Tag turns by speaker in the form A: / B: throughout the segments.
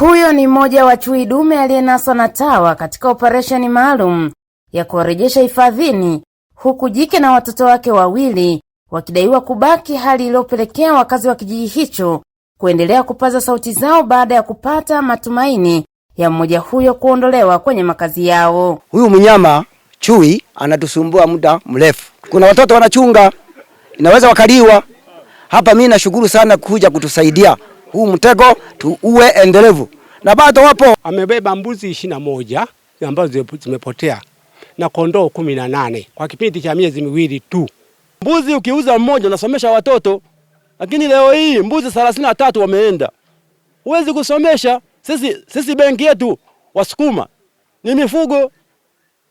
A: Huyo ni mmoja wa chui dume aliyenaswa na TAWA katika operesheni maalum ya kuwarejesha hifadhini, huku jike na watoto wake wawili wakidaiwa kubaki, hali iliyopelekea wakazi wa kijiji hicho kuendelea kupaza sauti zao baada ya kupata matumaini ya mmoja huyo kuondolewa kwenye makazi yao.
B: Huyu mnyama chui anatusumbua muda mrefu, kuna watoto wanachunga, inaweza wakaliwa. Hapa mimi nashukuru sana kuja kutusaidia huu mtego tuue endelevu,
C: na bado wapo.
D: Amebeba mbuzi ishirini na moja ambazo zimepotea na kondoo kumi na nane kwa kipindi cha miezi miwili tu.
E: Mbuzi ukiuza mmoja unasomesha watoto, lakini leo hii mbuzi thelathini na tatu wameenda, huwezi kusomesha. Sisi, sisi benki yetu Wasukuma ni mifugo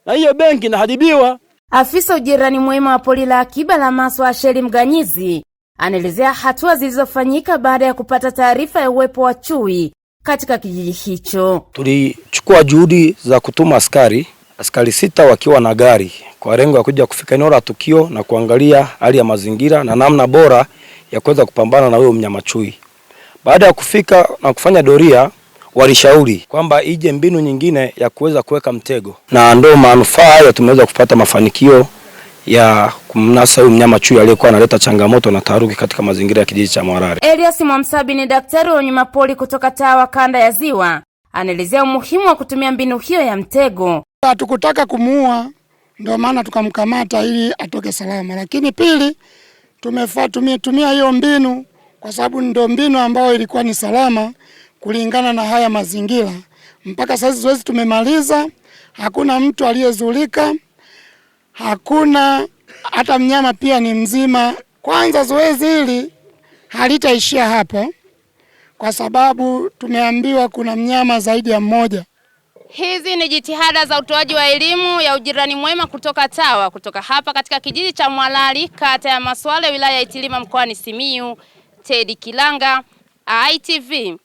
E: na hiyo benki inaharibiwa.
A: Afisa ujirani mwema wa pori la akiba la Maswa Asheri Mganyizi anaelezea hatua zilizofanyika baada ya kupata taarifa ya uwepo wa chui katika kijiji hicho.
F: Tulichukua juhudi za kutuma askari askari sita wakiwa na gari kwa lengo ya kuja kufika eneo la tukio na kuangalia hali ya mazingira na namna bora ya kuweza kupambana na huyo mnyama chui. Baada ya kufika na kufanya doria, walishauri
G: kwamba ije mbinu nyingine ya kuweza kuweka mtego,
H: na ndio manufaa hayo tumeweza kupata mafanikio ya kumnasa huyu mnyama chui aliyekuwa analeta changamoto na taharuki katika mazingira ya kijiji cha Mwarare.
A: Elias Mwamsabi ni daktari wa wanyamapori kutoka TAWA kanda ya Ziwa, anaelezea umuhimu wa kutumia mbinu hiyo ya mtego.
I: Hatukutaka kumuua, ndio maana tukamkamata ili atoke salama, lakini pili tumia hiyo mbinu kwa sababu ndio mbinu ambayo ilikuwa ni salama kulingana na haya mazingira. Mpaka sasa zoezi tumemaliza, hakuna mtu aliyezulika hakuna hata mnyama pia ni mzima. Kwanza zoezi hili halitaishia hapo, kwa sababu tumeambiwa kuna mnyama zaidi ya mmoja.
J: Hizi ni jitihada za utoaji wa elimu ya ujirani mwema kutoka TAWA kutoka hapa katika kijiji cha Mwalali kata ya Maswale wilaya ya Itilima mkoani Simiyu. Tedi Kilanga, ITV.